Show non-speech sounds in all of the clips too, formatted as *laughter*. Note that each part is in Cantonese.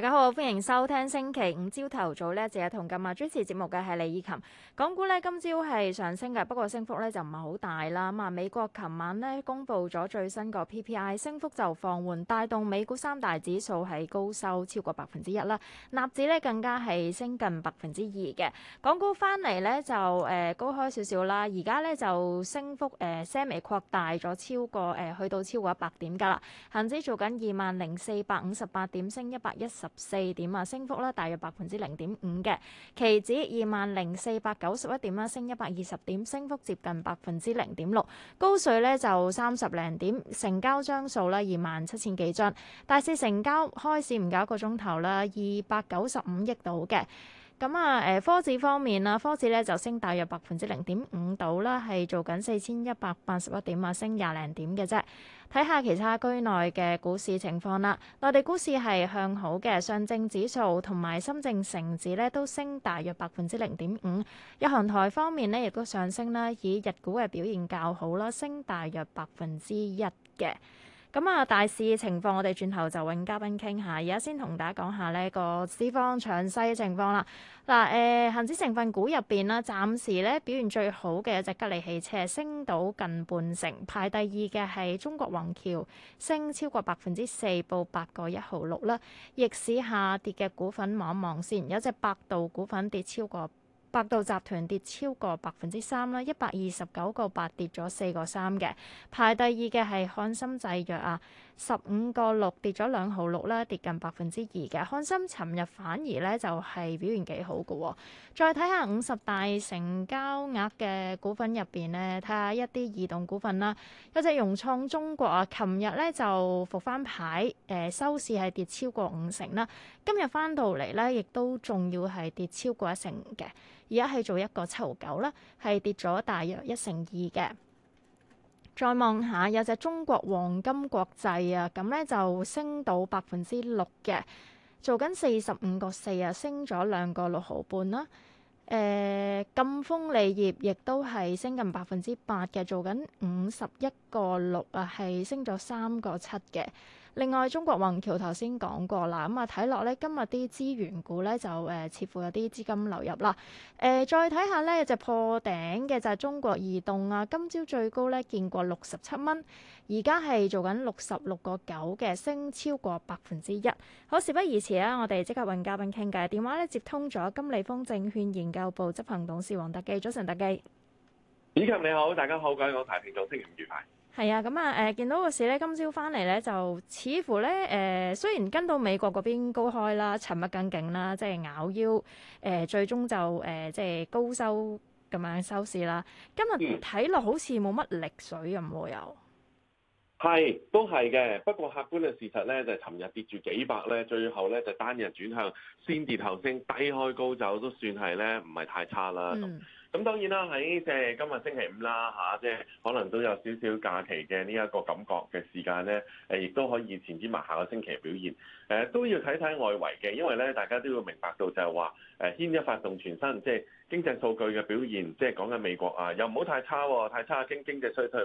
大家好，歡迎收聽星期五朝頭早，早呢一節同今日主持節目嘅係李依琴。港股咧今朝係上升嘅，不過升幅咧就唔係好大啦。啊，美國琴晚咧公布咗最新個 PPI，升幅就放緩，帶動美股三大指數係高收超過百分之一啦。納指咧更加係升近百分之二嘅，港股翻嚟咧就誒、呃、高開少少啦，而家咧就升幅誒稍、呃、微擴大咗，超過誒、呃、去到超過一百點噶啦。恆指做緊二萬零四百五十八點，升一百一十。四點啊，升幅咧大約百分之零點五嘅，期指二萬零四百九十一點啦，升一百二十點，升幅接近百分之零點六，高水呢就三十零點，成交張數咧二萬七千幾張，大市成交開市唔夠一個鐘頭啦，二百九十五億度嘅。咁啊，誒、嗯，科指方面啦，科指咧就升大約百分之零點五度啦，係做緊四千一百八十一點啊，升廿零點嘅啫。睇下其他區內嘅股市情況啦，內地股市係向好嘅，上證指數同埋深證成指咧都升大約百分之零點五。日韓台方面咧，亦都上升啦，以日股嘅表現較好啦，升大約百分之一嘅。咁啊，大市情況，我哋轉頭就揾嘉賓傾下。而家先同大家講下呢、這個資方詳細嘅情況啦。嗱、呃，誒恆指成分股入邊啦，暫時咧表現最好嘅一隻吉利汽車升到近半成，排第二嘅係中國宏橋升超過百分之四，報八個一毫六啦。16, 逆市下跌嘅股份望一望先，有隻百度股份跌超過。百度集團跌超過百分之三啦，一百二十九個八，跌咗四個三嘅，排第二嘅係翰森製藥啊。十五個六跌咗兩毫六啦，跌近百分之二嘅。恒生尋日反而咧就係表現幾好嘅。再睇下五十大成交額嘅股份入邊咧，睇下一啲異動股份啦。有隻融創中國啊，琴日咧就復翻牌，誒、呃、收市係跌超過五成啦。今日翻到嚟咧，亦都仲要係跌超過一成嘅。而家係做一個七毫九啦，係跌咗大約一成二嘅。再望下有隻中國黃金國際啊，咁咧就升到百分之六嘅，做緊四十五個四啊，升咗兩個六毫半啦。誒，金豐利業亦都係升近百分之八嘅，做緊五十一個六啊，係升咗三個七嘅。另外，中國宏橋頭先講過啦，咁啊睇落咧，今日啲資源股咧就誒、呃、似乎有啲資金流入啦。誒、呃，再睇下咧，有隻破頂嘅就係中國移動啊，今朝最高咧見過六十七蚊，而家係做緊六十六個九嘅，升超過百分之一。好，事不宜遲啊，我哋即刻揾嘉賓傾偈。電話咧接通咗，金利豐證券研究部執行董事黃德幾，早晨德幾。主持你好，大家好，我台慶祝新年愉快。係啊，咁、呃、啊，誒見到個市咧，今朝翻嚟咧就似乎咧，誒、呃、雖然跟到美國嗰邊高開啦，尋日更勁啦，即係咬腰，誒、呃、最終就誒、呃、即係高收咁樣收市啦。今日睇落好似冇乜力水咁喎又，係、嗯、都係嘅。不過客觀嘅事實咧，就係尋日跌住幾百咧，最後咧就是、單日轉向先跌後升，低開高走都算係咧，唔係太差啦。嗯咁當然啦，喺即係今日星期五啦嚇，即係可能都有少少假期嘅呢一個感覺嘅時間咧，誒亦都可以前瞻埋下個星期嘅表現。誒都要睇睇外圍嘅，因為咧大家都要明白到就係話誒牽一發動全身，即係經濟數據嘅表現，即係講緊美國啊，又唔好太差，太差經經濟衰退。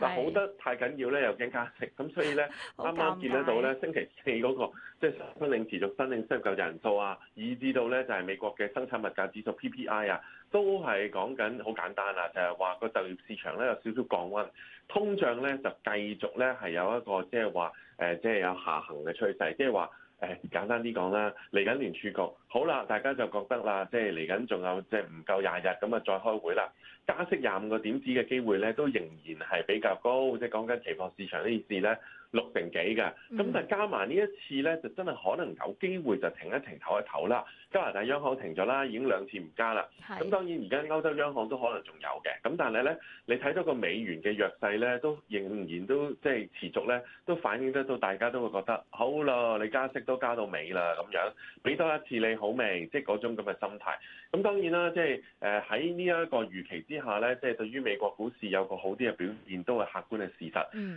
嗱，好得太緊要咧，又驚加息。咁所以咧，啱啱見得到咧，星期四嗰個即係新領持續申領失業救濟人數啊，以至到咧就係美國嘅生產物價指數 PPI 啊。都係講緊好簡單啊，就係話個就業市場咧有少少降溫，通脹咧就繼續咧係有一個即係話誒，即係有下行嘅趨勢，即係話誒簡單啲講啦，嚟緊聯儲局好啦，大家就覺得啦，即係嚟緊仲有即係唔夠廿日咁啊，再開會啦，加息廿五個點子嘅機會咧，都仍然係比較高，即係講緊期貨市場呢件事咧六成幾嘅，咁、mm hmm. 但係加埋呢一次咧，就真係可能有機會就停一停、唞一唞啦。加拿大央行停咗啦，已經兩次唔加啦。咁當然而家歐洲央行都可能仲有嘅。咁但係咧，你睇到個美元嘅弱勢咧，都仍然都即係持續咧，都反映得到大家都會覺得好咯，你加息都加到尾啦咁樣，俾多一次你好未，即係嗰種咁嘅心態。咁當然啦，即係誒喺呢一個預期之下咧，即係對於美國股市有個好啲嘅表現都係客觀嘅事實。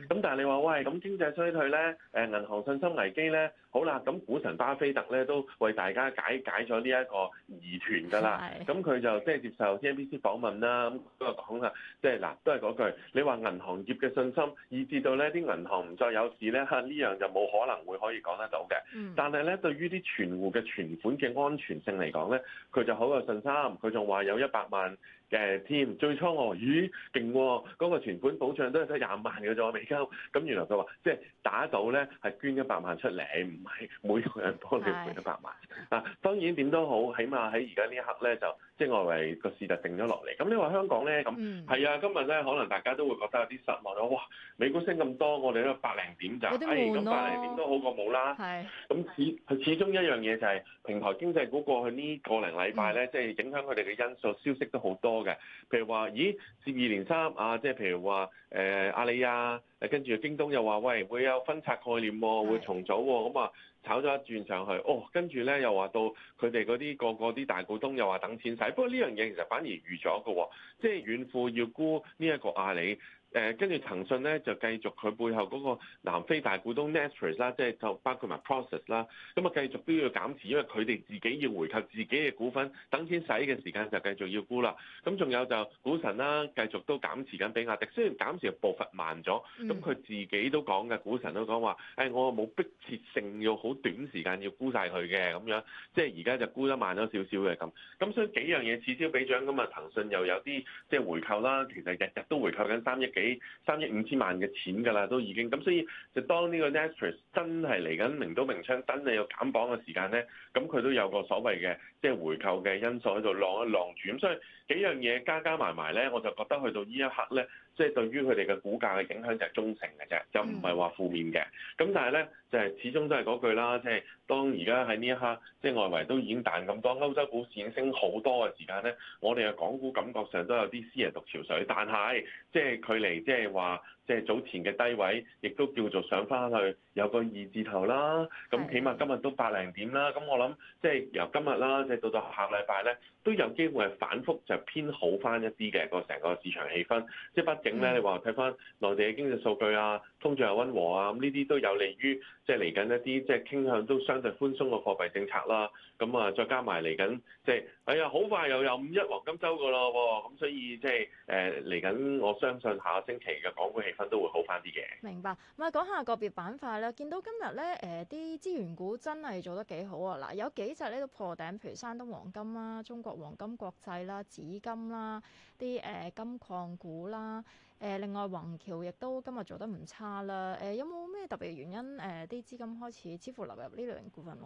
咁但係你話喂，咁經濟衰退咧，誒銀行信心危機咧，好啦，咁股神巴菲特咧都為大家解解咗呢一個疑團㗎啦，咁佢就即係接受 CNBC 訪問啦，咁都係講啊，即係嗱，都係嗰句，你話銀行業嘅信心，以至到呢啲銀行唔再有事咧嚇，呢樣就冇可能會可以講得到嘅。但係咧，對於啲存戶嘅存款嘅安全性嚟講咧，佢就好有信心，佢仲話有一百萬。嘅添，最初我話咦，勁，嗰、哦，那個存款保障都係得廿萬嘅啫，未夠。咁原來佢話即係打到咧，係捐一百萬出嚟，唔係每個人幫你賠一百萬。嗱，是的 當然點都好，起碼喺而家呢一刻咧，就即係外圍個市就定咗落嚟。咁你話香港咧，咁係啊，嗯、今日咧可能大家都會覺得有啲失望囉。哇，美股升咁多，我哋都百零點咋？點啊、哎，咁、那個、百零點都好過冇啦。係是的。咁始佢始終一樣嘢就係平台經濟股過去個去呢個零禮拜咧，即係、嗯嗯、影響佢哋嘅因素消息都好多。嘅，譬如話，咦，接二連三啊，即係譬如話，誒、呃、阿里啊，誒跟住京東又話，喂，會有分拆概念、哦，會重組、哦，咁啊炒咗一轉上去，哦，跟住咧又話到佢哋嗰啲個個啲大股東又話等錢使，不過呢樣嘢其實反而預咗㗎，即係遠富要沽呢一個阿里。誒跟住騰訊咧就繼續佢背後嗰個南非大股東 Naspers 啦，即係就包括埋 Process 啦，咁啊繼續都要減持，因為佢哋自己要回購自己嘅股份，等錢使嘅時間就繼續要沽啦。咁仲有就股神啦、啊，繼續都減持緊比亞迪，雖然減持步伐慢咗，咁佢、嗯嗯、自己都講嘅，股神都講話，誒、哎、我冇逼切性要好短時間要沽晒佢嘅咁樣，即係而家就沽得慢咗少少嘅咁。咁所以幾樣嘢此消彼長，咁啊騰訊又有啲即係回購啦，其實日日都回購緊三億幾。三億五千萬嘅錢㗎啦，都已經咁，所以就當呢個 Nasdaq 真係嚟緊明刀明槍，明明真係有減磅嘅時間咧，咁佢都有個所謂嘅即係回購嘅因素喺度浪一浪住，咁所以幾樣嘢加加埋埋咧，我就覺得去到呢一刻咧。即係對於佢哋嘅股價嘅影響就係中性嘅啫，就唔係話負面嘅。咁但係咧，就係始終都係嗰句啦，即係當而家喺呢一刻，即係外圍都已經彈咁多，歐洲股市已經升好多嘅時間咧，我哋嘅港股感覺上都有啲私人獨潮水，但係即係距離即係話。即係早前嘅低位，亦都叫做上翻去有個二字頭啦。咁起碼今日都百零點啦。咁我諗即係由今日啦，即、就、係、是、到到下禮拜咧，都有機會係反覆就偏好翻一啲嘅個成個市場氣氛。即係畢竟咧，嗯、你話睇翻內地嘅經濟數據啊，通脹又溫和啊，咁呢啲都有利於即係嚟緊一啲即係傾向都相對寬鬆嘅貨幣政策啦。咁、嗯、啊，再加埋嚟緊即係。就是係啊，好、哎、快又有五一黃金周個咯喎，咁、嗯、所以即係誒嚟緊，呃、我相信下個星期嘅港股氣氛都會好翻啲嘅。明白，咁係講下個別板塊咧，見到今日咧誒啲資源股真係做得幾好啊！嗱、呃，有幾隻呢個都破頂，譬如山東黃金啦、中國黃金國際啦、紫金啦、啲、呃、誒金礦股啦，誒、呃、另外宏橋亦都今日做得唔差啦。誒、呃、有冇咩特別原因誒啲、呃、資金開始似乎流入呢類型股份？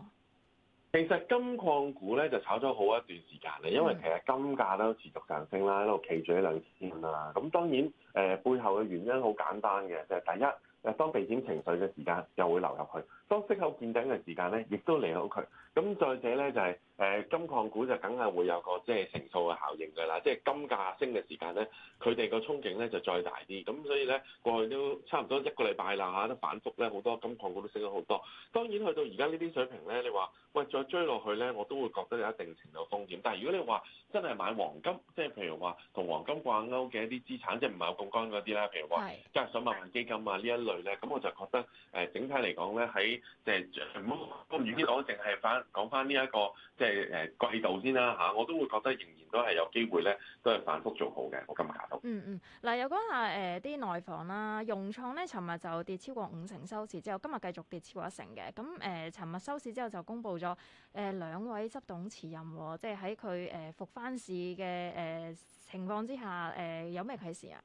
其實金礦股咧就炒咗好一段時間咧，因為其實金價都持續上升啦，一路企住一兩線啦。咁當然誒、呃、背後嘅原因好簡單嘅，就係、是、第一。誒當避險情緒嘅時間又會流入去，當息口見頂嘅時間咧，亦都離開佢。咁再者咧就係、是、誒金礦股就梗係會有個即係乘數嘅效應㗎啦，即、就、係、是、金價升嘅時間咧，佢哋個憧憬咧就再大啲。咁所以咧過去都差唔多一個禮拜啦嚇，都反覆咧好多金礦股都升咗好多。當然去到而家呢啲水平咧，你話喂再追落去咧，我都會覺得有一定程度風險。但係如果你話真係買黃金，即、就、係、是、譬如話同黃金掛鈎嘅一啲資產，即係唔係有槓桿嗰啲啦，譬如話係隔息萬基金啊呢一類。咁我就覺得誒整體嚟講咧，喺即係唔好唔遠啲講，淨係翻講翻呢一個即係誒季度先啦嚇，我都會覺得仍然都係有機會咧，都係反覆做好嘅。我今日睇到。嗯嗯，嗱又講下誒啲、呃、內房啦，融創咧，尋日就跌超過五成收市，之後今日繼續跌超過一成嘅。咁、呃、誒，尋日收市之後就公布咗誒兩位執董辭任，即係喺佢誒復番市嘅誒、呃、情況之下，誒、呃、有咩啟示啊？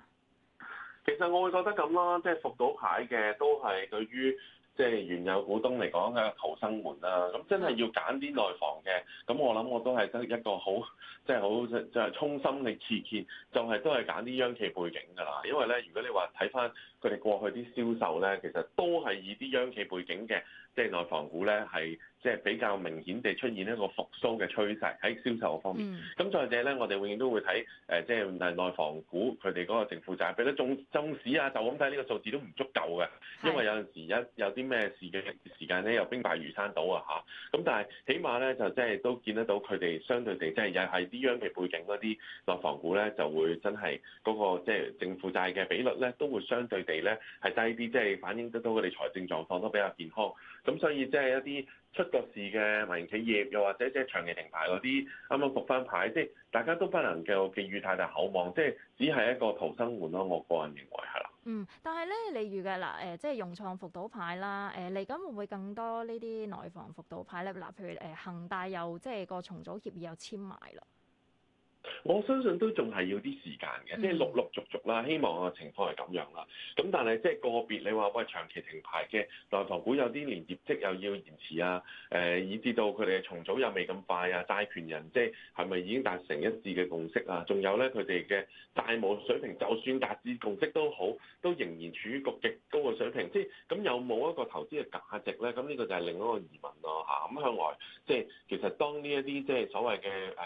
其實我會覺得咁啦，即、就、係、是、復股牌嘅都係對於即係原有股東嚟講嘅逃生門啦。咁真係要揀啲內房嘅，咁我諗我都係得一個好，即係好即係衷心力刺擊，就係、是就是就是、都係揀啲央企背景㗎啦。因為咧，如果你話睇翻，看看佢哋過去啲銷售咧，其實都係以啲央企背景嘅即係內房股咧，係即係比較明顯地出現一個復甦嘅趨勢喺銷售方面。咁、嗯、再者咧，我哋永遠都會睇誒、呃，即係內房股佢哋嗰個淨負債比率，縱縱使啊，就咁睇呢個數字都唔足夠嘅，因為有陣時一有啲咩事嘅時間咧，又兵敗如山倒啊吓。咁但係起碼咧，就即係都見得到佢哋相對地，即係又係啲央企背景嗰啲內房股咧，就會真係嗰、嗰個即係淨負債嘅比率咧，都會相對地，咧係低啲，即係反映得到佢哋財政狀況都比較健康，咁所以即係一啲出咗事嘅民營企業，又或者即係長期停牌嗰啲，啱啱復翻牌，即係大家都不能夠寄予太大厚望，即係只係一個逃生門咯。我個人認為係啦。嗯，但係咧，你預計嗱誒、呃，即係融創復倒牌啦，誒嚟緊會唔會更多呢啲內房復倒牌咧？嗱，譬如誒恒大又即係個重組協議又簽埋啦。我相信都仲係要啲時間嘅，即係陸陸陸續續啦。希望個情況係咁樣啦。咁但係即係個別你話喂長期停牌嘅內房股有啲連業績又要延遲啊，誒、呃、以至到佢哋重組又未咁快啊。債權人即係係咪已經達成一致嘅共識啊？仲有咧佢哋嘅債務水平，就算達至共識都好，都仍然處於個極高嘅水平。即係咁有冇一個投資嘅價值咧？咁呢個就係另一個疑問咯吓，咁、啊、向來即係其實當呢一啲即係所謂嘅誒。呃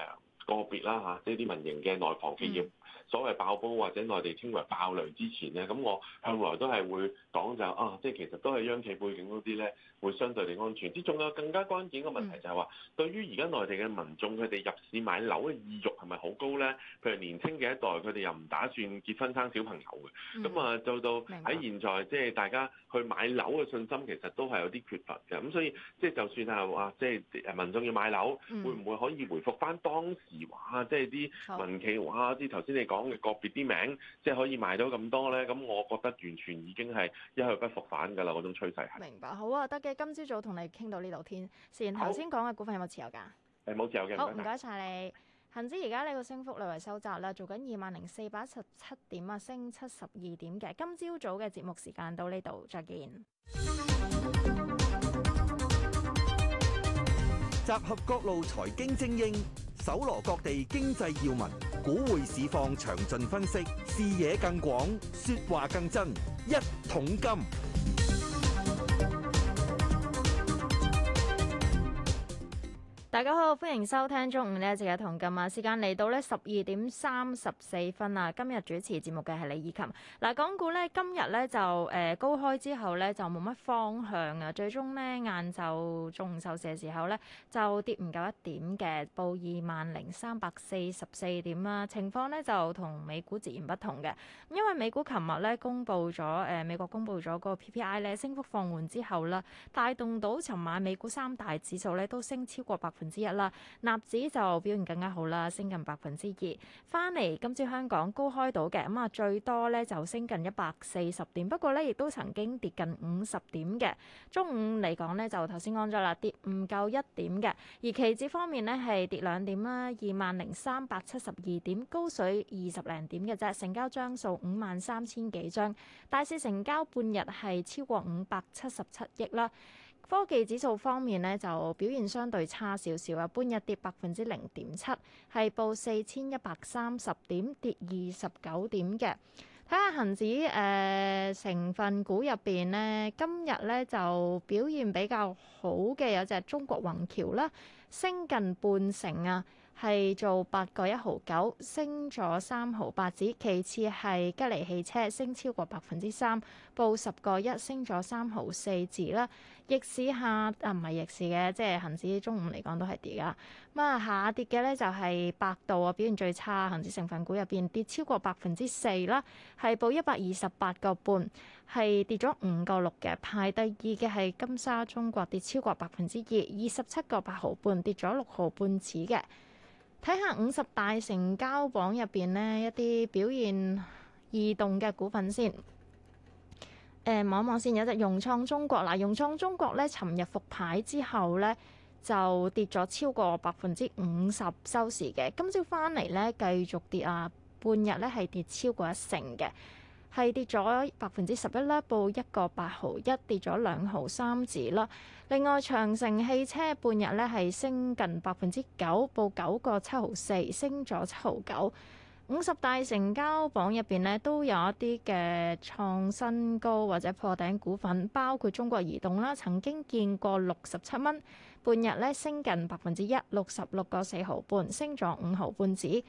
個別啦吓，即係啲民營嘅內房企業。嗯所謂爆煲或者內地稱為爆雷之前咧，咁我向來都係會講就啊，即係其實都係央企背景嗰啲咧，會相對地安全。之仲有更加關鍵嘅問題就係話，嗯、對於而家內地嘅民眾，佢哋入市買樓嘅意欲係咪好高咧？譬如年輕嘅一代，佢哋又唔打算結婚生小朋友嘅，咁啊做到喺現在，即係白大家去買樓嘅信心其實都係有啲缺乏嘅。咁所以即係就算係話，即係誒民眾要買樓，嗯、會唔會可以回覆翻當時話，即係啲民企話，啲頭先你講。講嘅個別啲名，即係可以賣到咁多咧，咁我覺得完全已經係一去不復返噶啦，嗰種趨勢係。明白，好啊，得嘅。今朝早同你傾到呢度天，先。頭先講嘅股份有冇持有㗎？誒冇持有嘅。好，唔該晒你。恆指而家呢個升幅略為收窄啦，做緊二萬零四百一十七點啊，升七十二點嘅。今朝早嘅節目時間到呢度，再見。集合各路財經精英，搜羅各地經濟要聞。股匯市況詳盡分析，視野更廣，説話更真，一桶金。大家好，歡迎收聽中午呢，即係同今晚時間嚟到呢十二點三十四分啊。今日主持節目嘅係李以琴。嗱，港股呢，今日呢就誒、呃、高開之後呢，就冇乜方向啊，最終呢，晏晝中午收市嘅時候呢，就跌唔夠一點嘅，報二萬零三百四十四點啦、啊。情況呢，就同美股截然不同嘅，因為美股琴日呢，公布咗誒、呃、美國公布咗個 PPI 呢，升幅放緩之後啦，帶動到尋晚美股三大指數呢，都升超過百分之一啦，納指就表現更加好啦，升近百分之二。返嚟今朝香港高開到嘅，咁啊最多咧就升近一百四十點，不過咧亦都曾經跌近五十點嘅。中午嚟講咧就頭先講咗啦，跌唔夠一點嘅。而期指方面咧係跌兩點啦，二萬零三百七十二點，高水二十零點嘅啫。成交張數五萬三千幾張，大市成交半日係超過五百七十七億啦。科技指數方面咧就表現相對差少少啊，半日跌百分之零點七，係報四千一百三十點，跌二十九點嘅。睇下恒指誒、呃、成分股入邊咧，今日咧就表現比較好嘅有隻中國宏橋啦，升近半成啊。係做八個一毫九，升咗三毫八指。其次係吉利汽車，升超過百分之三，報十個一，升咗三毫四指啦。逆市下啊，唔係逆市嘅，即係恆指中午嚟講都係跌㗎。咁啊，下跌嘅咧就係、是、百度啊，表現最差，恆指成分股入邊跌超過百分之四啦，係報一百二十八個半，係跌咗五個六嘅。排第二嘅係金沙中國，跌超過百分之二，二十七個八毫半，跌咗六毫半指嘅。睇下五十大成交榜入邊呢一啲表現異動嘅股份先。誒望一望先，有隻融創中國啦，融創中國咧，尋日復牌之後咧就跌咗超過百分之五十收市嘅，今朝翻嚟咧繼續跌啊，半日咧係跌超過一成嘅。係跌咗百分之十一啦，報一個八毫一，1. 1，跌咗兩毫三子啦，另外長城汽車半日咧係升近百分之九，報九個七毫四，升咗七毫九。五十大成交榜入邊咧都有一啲嘅創新高或者破頂股份，包括中國移動啦，曾經見過六十七蚊，半日咧升近百分之一，六十六個四毫半，升咗五毫半子。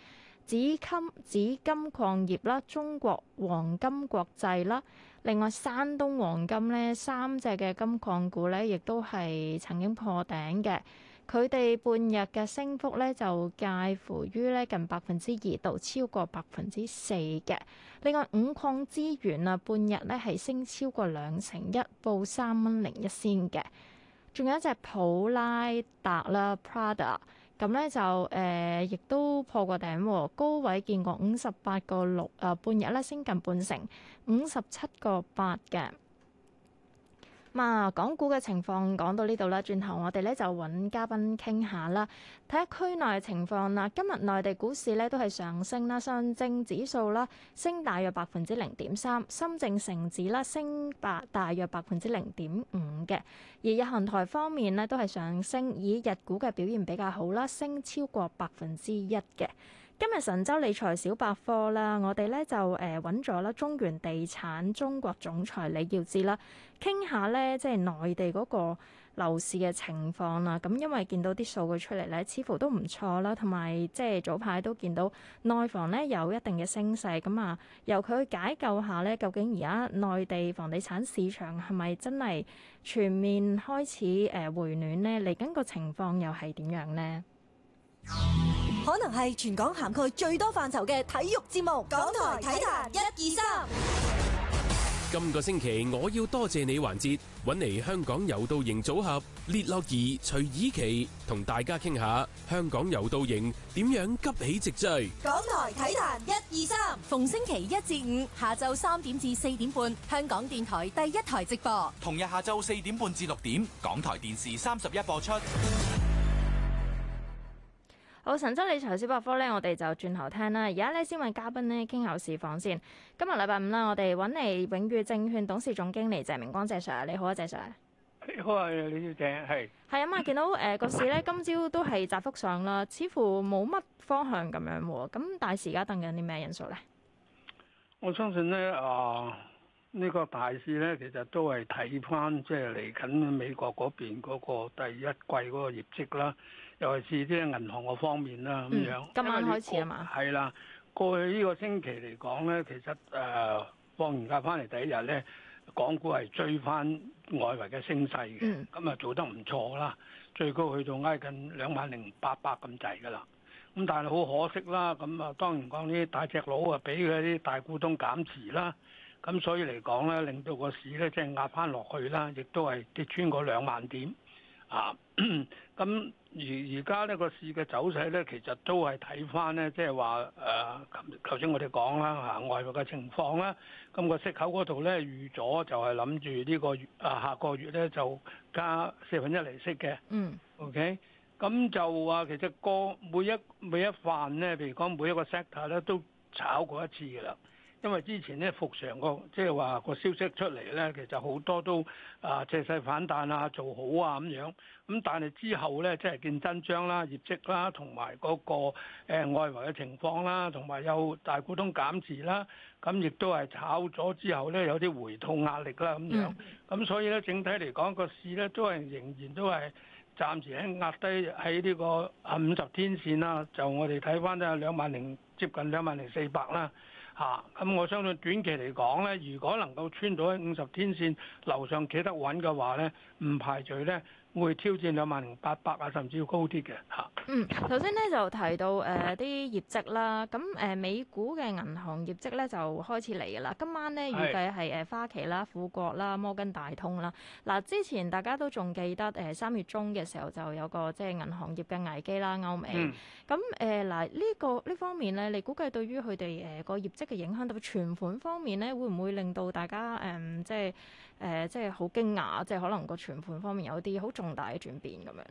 紫金紫金礦業啦，中國黃金國際啦，另外山東黃金呢三隻嘅金礦股呢，亦都係曾經破頂嘅。佢哋半日嘅升幅呢，就介乎於呢近百分之二到超過百分之四嘅。另外五礦資源啊，半日呢係升超過兩成一，報三蚊零一仙嘅。仲有一隻普拉達啦，Prada。Prada, 咁咧就誒、呃，亦都破過頂喎，高位見過五十八個六，誒，半日咧升近半成，五十七個八嘅。啊，港股嘅情況講到呢度啦，轉頭我哋咧就揾嘉賓傾下啦，睇下區內嘅情況啦。今日內地股市咧都係上升啦，上證指數啦升大約百分之零點三，深證成指啦升百大約百分之零點五嘅。而日韓台方面呢都係上升，以日股嘅表現比較好啦，升超過百分之一嘅。今日神州理財小百科啦，我哋咧就誒揾咗啦中原地產中國總裁李耀智啦，傾下咧即係內地嗰個樓市嘅情況啦。咁因為見到啲數據出嚟咧，似乎都唔錯啦，同埋即係早排都見到內房咧有一定嘅升勢。咁啊，由佢去解構下咧，究竟而家內地房地產市場係咪真係全面開始誒回暖呢？嚟緊個情況又係點樣呢？可能係全港涵蓋最多範疇嘅體育節目，港台體壇一二三。今 1, 個星期我要多謝你環節，搵嚟，香港柔道營組合列諾兒徐以琪同大家傾下香港柔道營點樣急起直追。港台體壇一二三，1, 2, 逢星期一至五下晝三點至四點半，香港電台第一台直播；同日下晝四點半至六點，港台電視三十一播出。好，神州理財小百科咧，我哋就轉頭聽啦。而家咧先問嘉賓咧傾後市況先。今日禮拜五啦，我哋揾嚟永裕證券董事總經理謝明光，謝 sir，你好啊，謝 sir。你好啊，李小姐，係、哎。係啊，嘛、哎哎嗯、見到誒個、呃、市咧，今朝都係窄幅上啦，似乎冇乜方向咁樣。咁、嗯、大市而家等緊啲咩因素咧？我相信咧，啊、呃、呢、這個大市咧，其實都係睇翻即係嚟緊美國嗰邊嗰個第一季嗰個業績啦。尤其係啲銀行個方面啦咁樣，今晚、嗯、開始吖嘛？係啦，過去呢個星期嚟講咧，其實誒、呃、放完假翻嚟第一日咧，港股係追翻外圍嘅升勢嘅，咁啊、嗯、做得唔錯啦，最高去到挨近兩萬零八百咁滯㗎啦。咁但係好可惜啦，咁啊當然講啲大隻佬啊俾佢啲大股東減持啦，咁所以嚟講咧令到個市咧即係壓翻落去啦，亦都係跌穿個兩萬點啊，咁。而而家呢個市嘅走勢咧，其實都係睇翻咧，即係話誒，頭先我哋講啦嚇外國嘅情況啦，咁、嗰個息口嗰度咧預咗就係諗住呢個誒下個月咧就加四分一利息嘅，嗯，OK，咁就話其實個每一每一範咧，譬如講每一個 sector 咧都炒過一次㗎啦。因為之前咧復常個即係話個消息出嚟咧，其實好多都啊借勢反彈啊，做好啊咁樣。咁但係之後咧，即係見真章啦，業績啦，同埋嗰個誒外圍嘅情況啦，同埋有大股東減持啦，咁亦都係炒咗之後咧，有啲回吐壓力啦咁樣。咁、mm. 所以咧，整體嚟講個市咧都係仍然都係暫時喺壓低喺呢個五十天線啦。就我哋睇翻都有兩萬零接近兩萬零四百啦。啊！咁、嗯、我相信短期嚟講咧，如果能夠穿到喺五十天線，樓上企得穩嘅話咧，唔排除咧。會挑戰兩萬零八百啊，甚至要高啲嘅嚇。嗯，頭先咧就提到誒啲、呃、業績啦，咁誒、呃、美股嘅銀行業績咧就開始嚟㗎啦。今晚咧預計係誒是花旗啦、富國啦、摩根大通啦。嗱、呃，之前大家都仲記得誒三、呃、月中嘅時候就有個即係銀行業嘅危機啦，歐美。咁誒嗱呢個呢方面咧，你估計對於佢哋誒個業績嘅影響，到存款方面咧，會唔會令到大家誒、嗯、即係？誒、呃，即係好驚訝，即係可能個存款方面有啲好重大嘅轉變咁樣咧。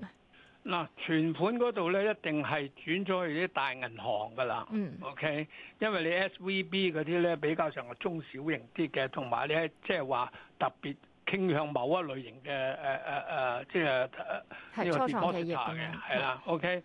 嗱，存款嗰度咧一定係轉咗去啲大銀行㗎啦。嗯。O、okay? K，因為你 S V B 嗰啲咧比較上係中小型啲嘅，同埋咧即係話特別傾向某一類型嘅誒誒誒，即係呢個初創企業嘅，係、呃、啦。O K，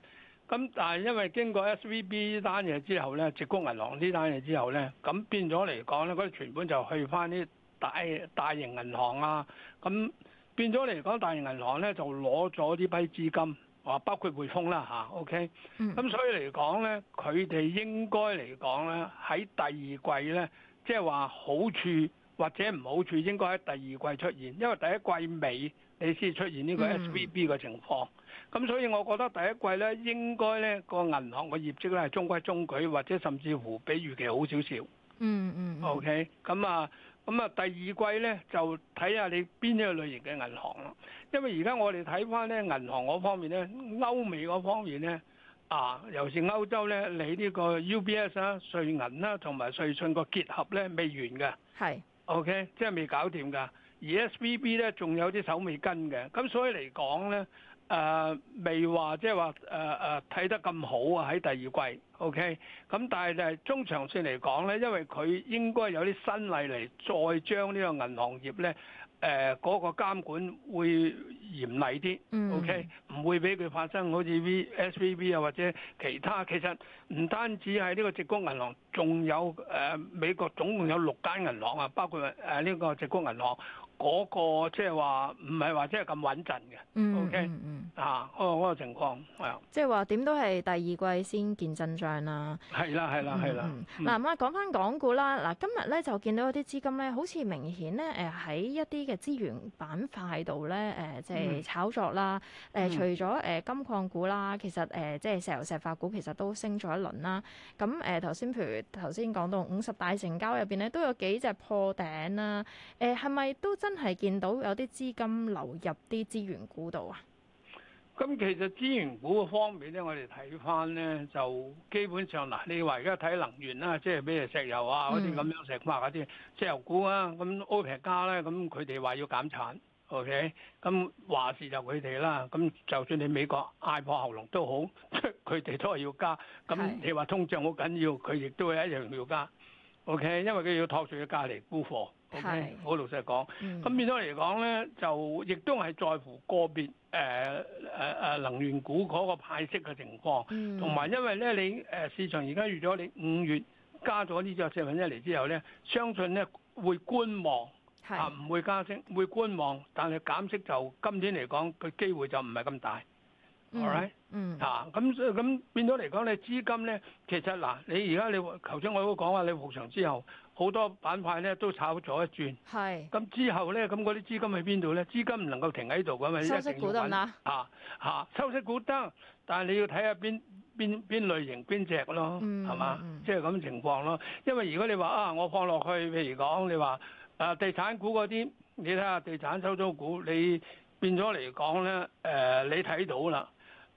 咁但係因為經過 S V B 呢單嘢之後咧，直轄銀行呢單嘢之後咧，咁變咗嚟講咧，嗰啲存款就去翻啲，大大型銀行啊，咁變咗嚟講，大型銀行咧就攞咗呢批資金，話包括匯豐啦吓 OK 咁所以嚟講咧，佢哋應該嚟講咧，喺第二季咧，即係話好處或者唔好處，應該喺第二季出現，因為第一季尾你先出現呢個 SVB 嘅情況，咁、嗯、所以我覺得第一季咧應該咧、這個銀行嘅業績咧係中規中矩，或者甚至乎比預期好少少、嗯。嗯嗯。OK，咁啊。咁啊，第二季咧就睇下你邊一個類型嘅銀行咯，因為而家我哋睇翻咧銀行嗰方面咧，歐美嗰方面咧，啊，尤其是歐洲咧，你呢個 UBS 啊、瑞銀啦同埋瑞信個結合咧未完嘅，係是，OK，即係未搞掂㗎，而 SVB 咧仲有啲手未跟嘅，咁所以嚟講咧。誒、呃、未話即係話誒誒睇得咁好啊喺第二季，OK，咁但係就係中長線嚟講咧，因為佢應該有啲新例嚟再將呢個銀行業咧誒嗰個監管會嚴厲啲，OK，唔、嗯、會俾佢發生好似 V S V B 啊或者其他。其實唔單止係呢個矽谷銀行，仲有誒、呃、美國總共有六間銀行啊，包括誒呢、呃這個矽谷銀行。嗰個即係話唔係話即係咁穩陣嘅，OK 啊？哦、嗯，嗰個情況係即係話點都係第二季先見真章啦。係啦，係啦，係啦。嗱，咁啊，講翻港股啦。嗱，今日咧就見到一啲資金咧，好似明顯咧誒喺一啲嘅資源板塊度咧誒，即係炒作啦。誒、嗯，除咗誒金礦股啦，嗯、其實誒即係石油石化股其實都升咗一輪啦。咁誒頭先譬如頭先講到五十大成交入邊咧，都有幾隻破頂啦。誒係咪都？真係見到有啲資金流入啲資源股度啊！咁其實資源股方面咧，我哋睇翻咧就基本上嗱、呃，你話而家睇能源啦，即係咩石油啊嗰啲咁樣石化嗰啲石油股啊，咁 open 加咧，咁佢哋話要減產，OK？咁話事就佢哋啦，咁就算你美國嗌破喉嚨都好，佢哋都係要加。咁你話通脹好緊要，佢亦都係一樣要加，OK？因為佢要托住佢價嚟沽貨。O K，好老實講，咁、嗯、變咗嚟講咧，就亦都係在乎個別誒誒誒能源股嗰個派息嘅情況，同埋、嗯、因為咧你誒、呃、市場而家預咗你五月加咗呢隻四分一嚟之後咧，相信咧會觀望，嚇唔是、啊、會加息，會觀望，但係減息就今年嚟講，佢機會就唔係咁大。係咪？嗯，啊，咁咁變咗嚟講咧，資金咧，其實嗱，你而家你頭先我都講話，你復常之後，好多板塊咧都炒咗一轉，係。咁之後咧，咁嗰啲資金喺邊度咧？資金唔能夠停喺度噶嘛，一定股得啊，吓，收息股得，但係你要睇下邊邊邊類型邊隻咯，係嘛？即係咁情況咯。因為如果你話啊，我放落去，譬如講，你話啊，地產股嗰啲，你睇下地產收租股，你變咗嚟講咧，誒，你睇到啦。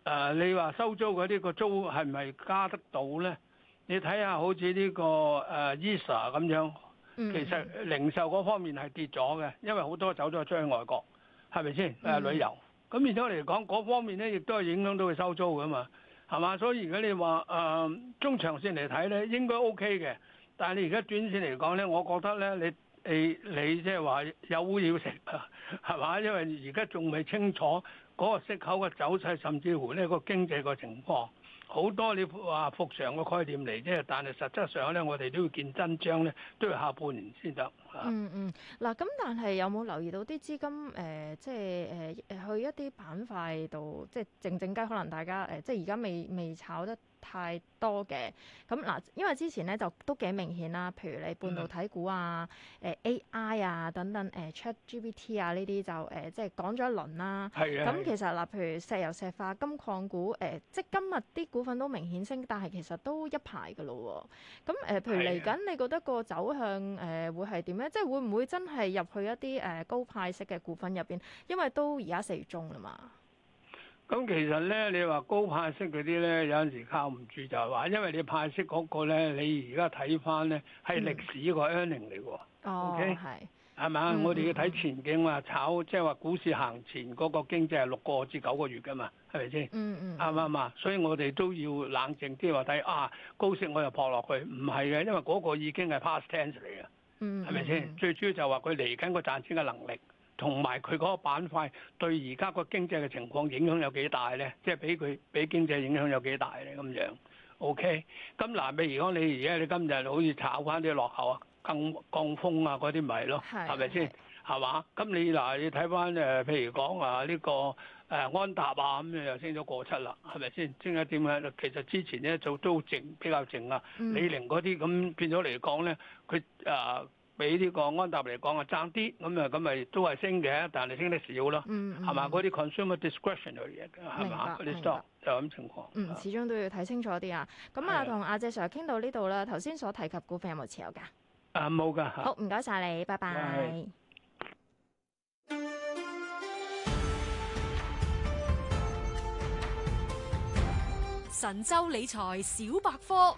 誒、呃，你話收租嗰啲個租係唔係加得到咧？你睇下好似呢、這個誒、呃、Esa 咁樣，其實零售嗰方面係跌咗嘅，因為好多走咗出去外國，係咪先誒旅遊？咁而且嚟講嗰方面咧，亦都係影響到佢收租噶嘛，係嘛？所以如果你話誒、呃、中長線嚟睇咧，應該 O K 嘅，但係你而家短線嚟講咧，我覺得咧，你你你即係話有糊要食啊，係嘛？因為而家仲未清楚。嗰個息口嘅走勢，甚至乎呢個經濟個情況，好多你話復常嘅概念嚟啫。但係實質上咧，我哋都要見真章咧，都要下半年先得。嗯嗯，嗱、嗯、咁、啊，但係有冇留意到啲資金誒、呃，即係誒、呃、去一啲板塊度，即係靜靜雞可能大家誒、呃，即係而家未未炒得太多嘅。咁、啊、嗱，因為之前咧就都幾明顯啦，譬如你半導體股啊、誒、呃、AI 啊等等，誒、呃、ChatGPT 啊呢啲就誒、呃、即係講咗一輪啦。係嘅、啊。咁其實嗱、呃，譬如石油、石化、金礦股誒、呃，即係今日啲股份都明顯升，但係其實都一排嘅咯喎。咁、呃、誒，譬如嚟緊，你覺得個走向誒、呃呃、會係點？即係會唔會真係入去一啲誒高派息嘅股份入邊？因為都而家四月中啦嘛。咁其實咧，你話高派息嗰啲咧，有陣時靠唔住，就係話，因為你派息嗰個咧，你而家睇翻咧係歷史個 earning 嚟喎、嗯。Okay? 哦，係，係嘛吧？嗯嗯，我哋要睇前景嘛，炒即係話股市行前嗰個經濟係六個至九個月噶嘛，係咪先？嗯，嗯嗯。啱唔啱啊？所以我哋都要冷靜啲話睇啊，高息我又撲落去，唔係嘅，因為嗰個已經係 past tense 嚟啊。嗯，係咪先？最主要就話佢嚟緊個賺錢嘅能力，同埋佢個板塊對而家個經濟嘅情況影響有幾大咧？即係俾佢俾經濟影響有幾大咧？咁樣，OK。咁嗱，譬如果你而家你今日好似炒翻啲落後啊。降風啊！嗰啲咪咯，係咪先係嘛？咁你嗱，你睇翻誒，譬如講啊，呢個誒安踏啊，咁樣又升咗過七啦，係咪先？即係點咧？其實之前咧就都，都比靜比較靜啊。李寧嗰啲咁變咗嚟講咧，佢啊比呢個安踏嚟講啊爭啲咁啊，咁咪都係升嘅，但係升得少咯，係嘛、嗯嗯嗯？嗰啲 consumer discretionary 係嘛？嗰啲 stock 就咁情況。嗯，始終都要睇清楚啲啊。咁啊，同的阿謝 sir 傾到呢度啦。頭先所提及股份有冇持有㗎？啊，冇噶。好，唔該晒你，拜拜。神州理財小百科，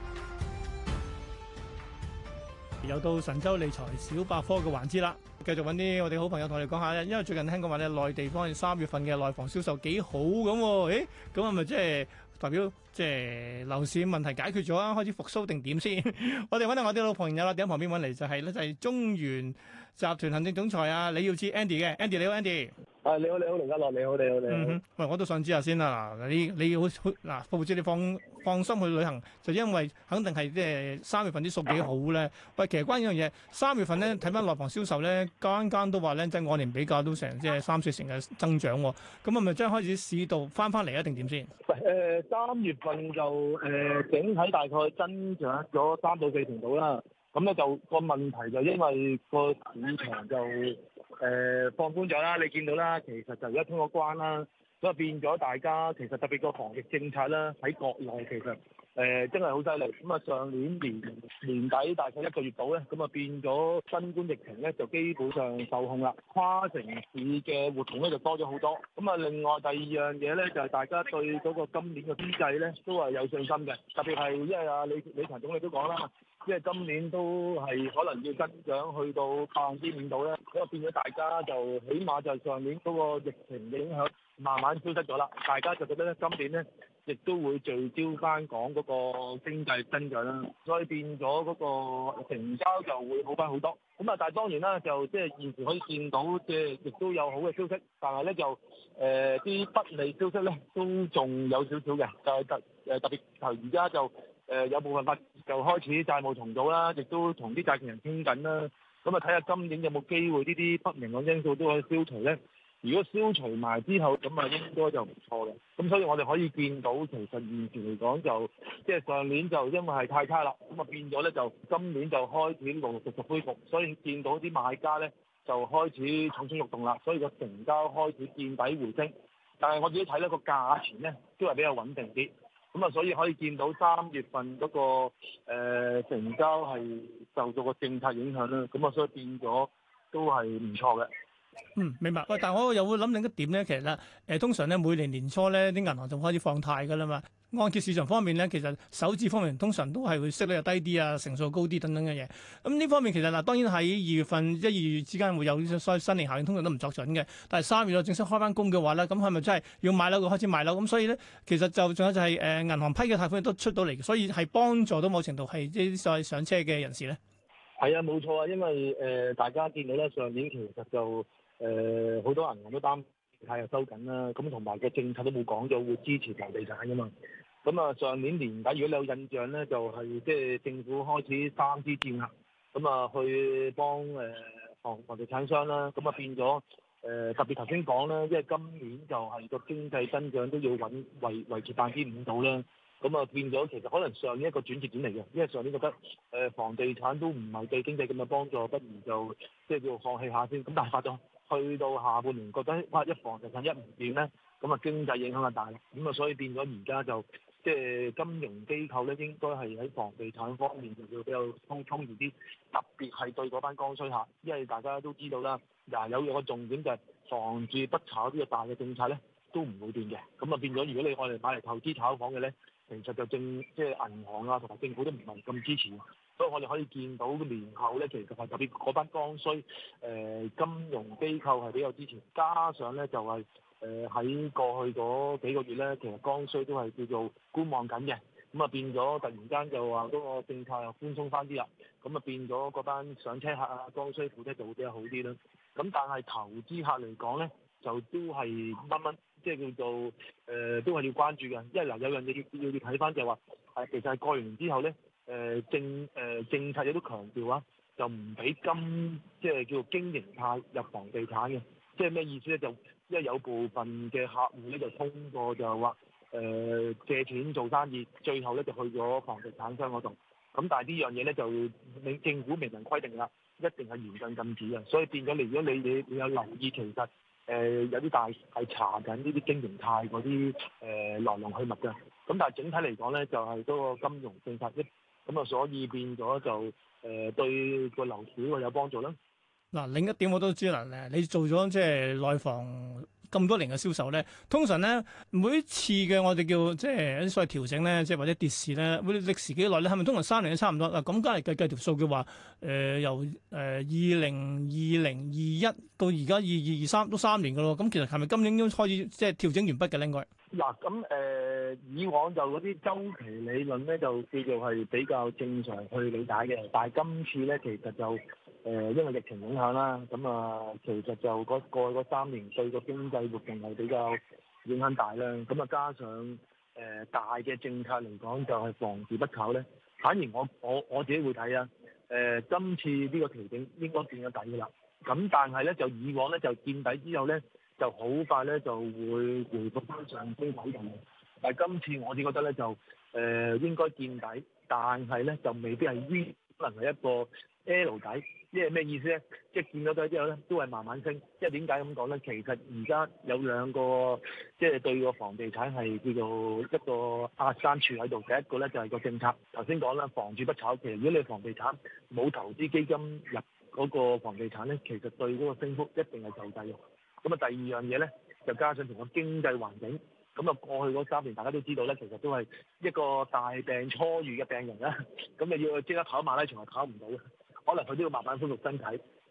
又到神州理財小百科嘅環節啦。繼續揾啲我哋好朋友同我哋講下，因為最近聽講話咧，內地方三月份嘅內房銷售幾好咁，誒，咁係咪即係。代表即係樓市問題解決咗啊，開始復甦定點先？ *laughs* 我哋揾到我啲老朋友啦，喺旁邊揾嚟就係咧，就係中原集團行政總裁啊李耀智 Andy 嘅，Andy 你好 Andy。啊！你好，你好，梁家樂，你好，你好，你好。喂、嗯，我都想知下先啦。嗱，你你好，嗱，報紙你放放心去旅行，就因為肯定係即係三月份啲數幾好咧。喂，其實關於呢樣嘢，三月份咧睇翻內房銷售咧，間間都話咧，即係按年比較都成即係三四成嘅增長、哦。咁啊，咪即係開始試到翻翻嚟一定點先？誒，三、呃、月份就誒、呃，整體大概增長咗三到四成度啦。咁咧就個問題就因為個市場就。誒、呃、放寬咗啦，你見到啦，其實就而家通過關啦，咁啊變咗大家其實特別個防疫政策啦喺國內其實誒、呃、真係好犀利，咁啊上年年年底大概一個月到咧，咁啊變咗新冠疫情咧就基本上受控啦，跨城市嘅活動咧就多咗好多，咁啊另外第二樣嘢咧就係、是、大家對嗰個今年嘅經濟咧都係有信心嘅，特別係因為啊李李陳總理都講啦。即係今年都係可能要增長去到百分之五度咧，咁啊變咗大家就起碼就上年嗰個疫情嘅影響慢慢消失咗啦，大家就覺得咧今年咧亦都會聚焦翻講嗰個經濟增長啦，所以變咗嗰個成交就會好翻好多。咁啊，但係當然啦，就即係現時可以見到即係，亦都有好嘅消息，但係咧就誒啲不利消息咧都仲有少少嘅，就係特誒特別就而家就。誒有部分法就開始債務重組啦，亦都同啲債權人傾緊啦。咁啊，睇下今年有冇機會呢啲不明嘅因素都可以消除呢？如果消除埋之後，咁啊應該就唔錯嘅。咁所以我哋可以見到，其實目前嚟講就即係上年就因為係太差啦，咁啊變咗呢，就今年就開始陸陸續續恢復，所以見到啲買家呢，就開始蠢蠢欲動啦，所以個成交開始見底回升。但係我自己睇呢，個價錢呢，都係比較穩定啲。咁啊、嗯，所以可以見到三月份嗰、那個誒成交係受到個政策影響啦，咁、嗯、啊，所以變咗都係唔錯嘅。嗯，明白。喂，但係我又會諗另一點咧，其實咧，誒、呃，通常咧每年年初咧，啲銀行就開始放貸噶啦嘛。按揭市場方面咧，其實手指方面通常都係會息率又低啲啊，成數高啲等等嘅嘢。咁、嗯、呢方面其實嗱，當然喺二月份一二月之間會有所謂新年效應，通常都唔作準嘅。但係三月又正式開翻工嘅話咧，咁係咪真係要買樓就開始買樓？咁所以咧，其實就仲有就係、是、誒，銀、呃、行批嘅貸款都出到嚟，所以係幫助到某程度係啲所謂上車嘅人士咧。係啊，冇錯啊，因為誒、呃、大家見到咧，上年其實就誒好、呃、多銀行都擔貸又收緊啦，咁同埋嘅政策都冇講咗會支持房地產噶嘛，咁啊上年年底如果你有印象咧，就係即係政府開始三支箭行，咁啊去幫誒房房地產商啦，咁啊變咗誒、呃、特別頭先講啦，因為今年就係個經濟增長都要穩維維持百分之五度啦。咁啊，就變咗其實可能上一個轉折點嚟嘅，因為上年覺得誒房地產都唔係對經濟咁有幫助，不如就即係叫放棄下先。咁但係發咗去到下半年，覺得哇一房產一呢就係一唔斷咧，咁啊經濟影響就大啦。咁啊所以變咗而家就即係金融機構咧，應該係喺房地產方面就要比較充充現啲，特別係對嗰班剛需客，因為大家都知道啦，嗱有個重點就係房住不炒呢個大嘅政策咧都唔會斷變嘅。咁啊變咗如果你我哋買嚟投資炒房嘅咧。其實就政即係銀行啊，同埋政府都唔係咁支持，所以我哋可以見到年後咧，其實係特別嗰班剛需，誒、呃、金融機構係比較支持，加上咧就係誒喺過去嗰幾個月咧，其實剛需都係叫做觀望緊嘅，咁啊變咗突然間就話嗰個政策又寬鬆翻啲啦，咁啊變咗嗰班上車客啊，剛需負擔就會比較好啲啦，咁但係投資客嚟講咧，就都係乜乜。即係叫做誒、呃，都係要關注嘅。因為嗱、呃，有樣嘢要要睇翻、就是，就係話係其實係過完，完之後咧，誒、呃、政誒、呃、政策亦都強調啊，就唔俾金即係叫做經營貸入房地產嘅。即係咩意思咧？就因為有部分嘅客戶咧，就通過就係話誒借錢做生意，最後咧就去咗房地產商嗰度。咁但係呢樣嘢咧，就你政府明文規定啦，一定係嚴禁禁止嘅。所以變咗嚟，如果你你你有留意，其實。誒、呃、有啲大係查緊呢啲經營貸嗰啲誒來龍去脈㗎，咁但係整體嚟講咧，就係、是、嗰個金融政策一，咁啊所以變咗就誒、呃、對個樓市會有幫助啦。嗱，另一點我都知啦，誒你做咗即係內房。咁多年嘅銷售咧，通常咧每一次嘅我哋叫即係、呃、所謂調整咧，即係或者跌市咧，會歷時幾耐咧？係咪通常三年都差唔多？嗱、啊，咁而家嚟計計條數，佢、呃、話由誒、呃、二零二零二一到而家二二二三都三年嘅咯。咁、嗯、其實係咪今年都開始即係調整完畢嘅咧？應該嗱，咁誒、呃、以往就嗰啲周期理論咧，就叫做係比較正常去理解嘅，但係今次咧其實就。誒，因為疫情影響啦，咁啊，其實就嗰過去嗰三年對個經濟活動係比較影響大啦。咁啊，加上誒大嘅政策嚟講，就係房住不炒咧。反而我我我自己會睇啊。誒，今次呢個調整應該見咗底嘅啦。咁但係咧，就以往咧就見底之後咧，就好快咧就會回復翻上昇走動嘅。但係今次我自己覺得咧，就誒應該見底，但係咧就未必係 V，可能係一個，L 仔即係咩意思咧？即係見到佢之後咧，都係慢慢升。即係點解咁講咧？其實而家有兩個，即係對個房地產係叫做一個壓山柱喺度。第一個咧就係、是、個政策，頭先講啦，房住不炒。其實如果你房地產冇投資基金入嗰個房地產咧，其實對嗰個升幅一定係受制嘅。咁啊，第二樣嘢咧，就加上同個經濟環境。咁啊，過去嗰三年大家都知道咧，其實都係一個大病初愈嘅病人啦。咁啊，要即刻跑馬拉松係跑唔到。可能佢都要慢慢恢復身體，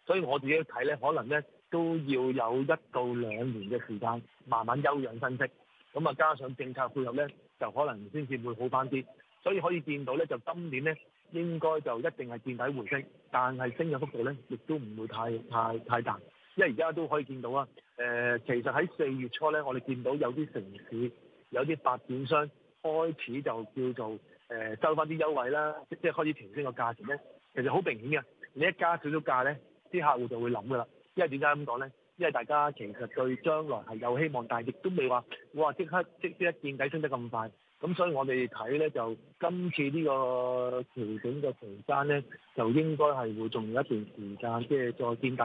所以我自己睇咧，可能咧都要有一到兩年嘅時間慢慢休養生息，咁啊加上政策配合咧，就可能先至會好翻啲。所以可以見到咧，就今年咧應該就一定係見底回升，但係升嘅幅度咧，亦都唔會太太太大，因為而家都可以見到啊。誒、呃，其實喺四月初咧，我哋見到有啲城市有啲發展商開始就叫做誒、呃、收翻啲優惠啦，即即係開始調升個價錢咧。其實好明顯嘅，你一加少少價呢，啲客戶就會諗㗎啦。因為點解咁講呢？因為大家其實對將來係有希望，但係亦都未話，哇！即刻即即一見底升得咁快。咁所以我哋睇呢，就今次呢個調整嘅期間呢，就應該係會仲有一段時間，即係再見底，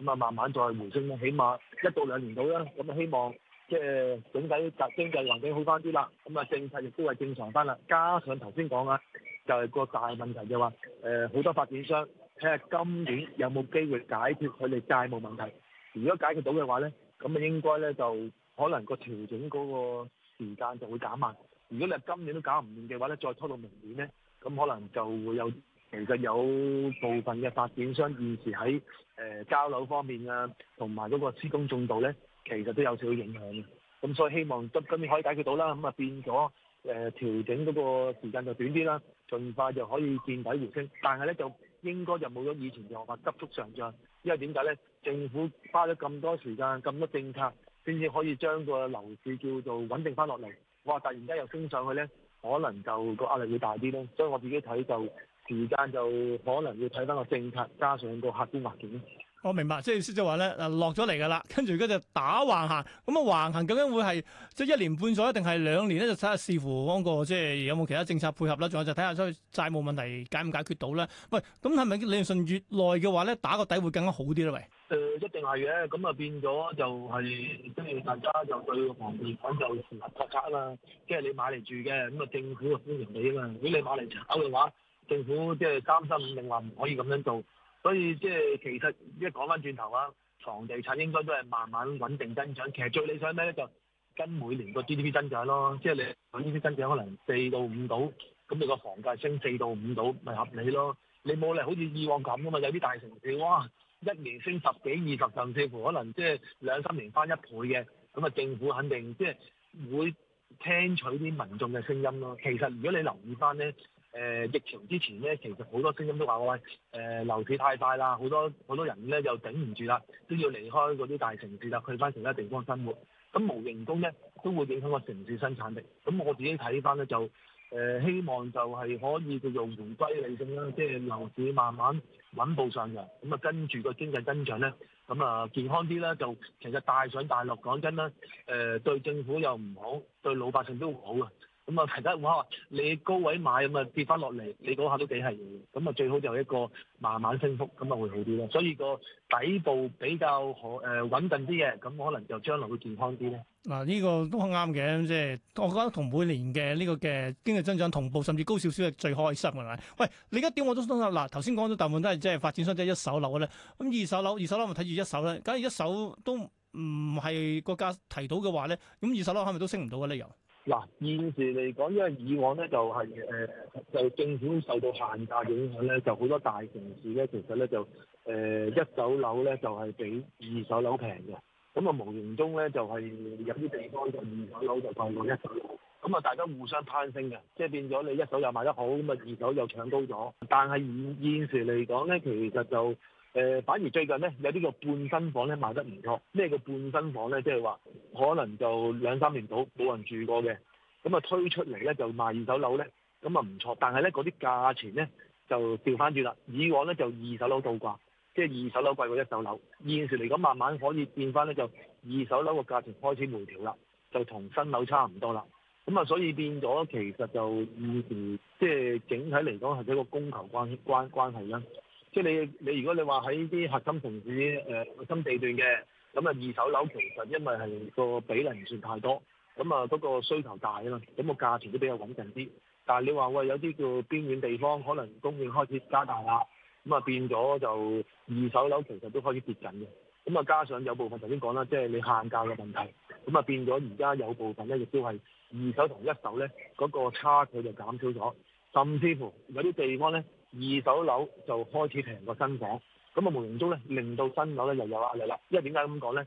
咁啊慢慢再回升，起碼一到兩年度啦。咁希望即係整體大經濟環境好翻啲啦。咁啊政策亦都係正常翻啦。加上頭先講啊。就係個大問題就係話，誒好多發展商睇下今年有冇機會解決佢哋債務問題。如果解決到嘅話呢，咁應該呢就可能個調整嗰個時間就會減慢。如果你係今年都搞唔掂嘅話呢，再拖到明年呢，咁可能就會有其實有部分嘅發展商現時喺誒交樓方面啊，同埋嗰個施工進度呢，其實都有少少影響。咁所以希望今今年可以解決到啦。咁啊變咗。誒、呃、調整嗰個時間就短啲啦，盡快就可以見底回升。但係呢，就應該就冇咗以前嘅法急速上漲，因為點解呢？政府花咗咁多時間、咁多政策，先至可以將個樓市叫做穩定翻落嚟。哇！突然間又升上去呢，可能就個壓力會大啲咯。所以我自己睇就時間就可能要睇翻個政策，加上個客觀環境，我明白，即係即係話咧，啊落咗嚟噶啦，跟住而家就打橫行，咁啊橫行咁樣會係即係一年半載，定係兩年咧就睇下視乎嗰個即係有冇其他政策配合啦。仲有就睇下將債務問題解唔解決到啦。喂，咁係咪理順越耐嘅話咧，打個底會更加好啲咧？喂、呃，誒一定係嘅，咁啊變咗就係即係大家就對房地產就唔合拍啦。即係你買嚟住嘅，咁啊政府啊歡迎你啊。如果你買嚟炒嘅話，政府即係擔心，定話唔可以咁樣做。所以即係其實一講翻轉頭啊，房地產應該都係慢慢穩定增長。其實最理想咧就跟每年個 GDP 增長咯，即係你揾呢啲增長可能四到五度，咁你個房價升四到五度咪合理咯？你冇理由好似以往咁啊嘛，有啲大城市哇一年升十幾二十甚至乎可能即係兩三年翻一倍嘅，咁啊政府肯定即係會聽取啲民眾嘅聲音咯。其實如果你留意翻咧，誒、呃、疫情之前咧，其實好多聲音都話：喂，誒、呃、樓市太快啦，好多好多人咧又頂唔住啦，都要離開嗰啲大城市啦，去翻其他地方生活。咁無形中咧都會影響個城市生產力。咁我自己睇翻咧，就誒、呃、希望就係可以叫做迴歸理性啦，即係樓市慢慢穩步上揚。咁啊，跟住個經濟增長咧，咁啊健康啲啦，就其實大上大落講真啦，誒、呃、對政府又唔好，對老百姓都唔好噶。咁啊，其他唔話你高位買咁啊、嗯，跌翻落嚟，你嗰下都幾係咁啊，最好就一個慢慢升幅，咁啊會好啲咯。所以個底部比較好誒、呃、穩定啲嘅，咁、嗯、可能就將來會健康啲咧。嗱、啊，呢、呢個都好啱嘅，即係我覺得同每年嘅呢個嘅經濟增長同步，甚至高少少係最開心嘅啦。喂，你而家點我想、啊、都想嗱，頭先講咗大部分都係即係發展商即係、就是、一手樓咧，咁二手樓，二手樓咪睇住一手咧。假如一手都唔係國家提到嘅話咧，咁二手樓係咪都升唔到嘅咧又？由嗱，現時嚟講，因為以往咧就係、是、誒、呃，就政府受到限價影響咧，就好多大城市咧，其實咧就誒、呃、一手樓咧就係、是、比二手樓平嘅，咁啊無形中咧就係有啲地方就二手樓就貴過一手樓，咁啊大家互相攀升嘅，即係變咗你一手又賣得好，咁啊二手又搶高咗，但係現現時嚟講咧，其實就。誒、呃、反而最近呢，有啲個半新房呢賣得唔錯。咩叫半新房呢？即係話可能就兩三年到冇人住過嘅，咁啊推出嚟呢，就賣二手樓呢，咁啊唔錯。但係呢，嗰啲價錢呢就掉翻轉啦。以往呢，就二手樓倒掛，即係二手樓貴過一手樓。現時嚟講，慢慢可以變翻呢，就二手樓個價錢開始回調啦，就同新樓差唔多啦。咁啊，所以變咗其實就以前即係整體嚟講係一個供求關關關係啦。即係你，你如果你話喺啲核心城市、誒核心地段嘅，咁啊二手樓其實因為係個比例唔算太多，咁啊嗰個需求大吖嘛，咁、嗰個價錢都比較穩陣啲。但係你話喂，有啲叫邊遠地方，可能供應開始加大啦，咁啊變咗就二手樓其實都開始跌緊嘅。咁啊加上有部分頭先講啦，即係、就是、你限價嘅問題，咁啊變咗而家有部分咧亦都係二手同一手咧嗰、嗰個差距就減少咗，甚至乎有啲地方咧。二手樓就開始平過新樓，咁啊無形中咧令到新樓咧又有壓力啦。因為點解咁講咧？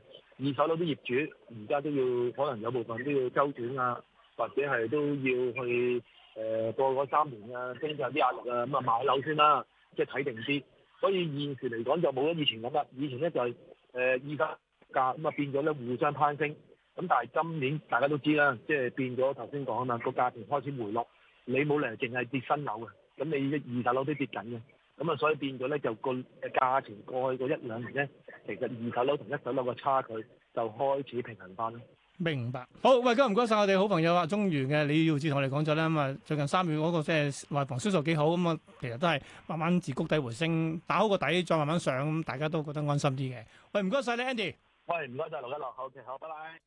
二手樓啲業主而家都要可能有部分都要周轉啊，或者係都要去誒過嗰三年啊，經濟有啲壓力啊，咁啊買樓先啦，即係睇定啲。所以現時嚟講就冇咗以前咁啦。以前咧就係誒二手價，咁啊變咗咧互相攀升。咁但係今年大家都知啦，即係變咗頭先講啊嘛，個價錢開始回落，你冇理由淨係跌新樓嘅。咁你嘅二手樓都跌緊嘅，咁啊，所以變咗咧就個價錢過去個一兩年咧，其實二手樓同一手樓個差距就開始平衡翻咯。明白。好，喂，今日唔該曬我哋好朋友阿中原嘅，你要先同我哋講咗啦，咁啊，最近三月嗰個即係賣房銷售幾好，咁啊，其實都係慢慢自谷底回升，打好個底再慢慢上，咁大家都覺得安心啲嘅。喂，唔該曬你，Andy。喂，唔該曬劉一樂，好嘅，好，拜拜。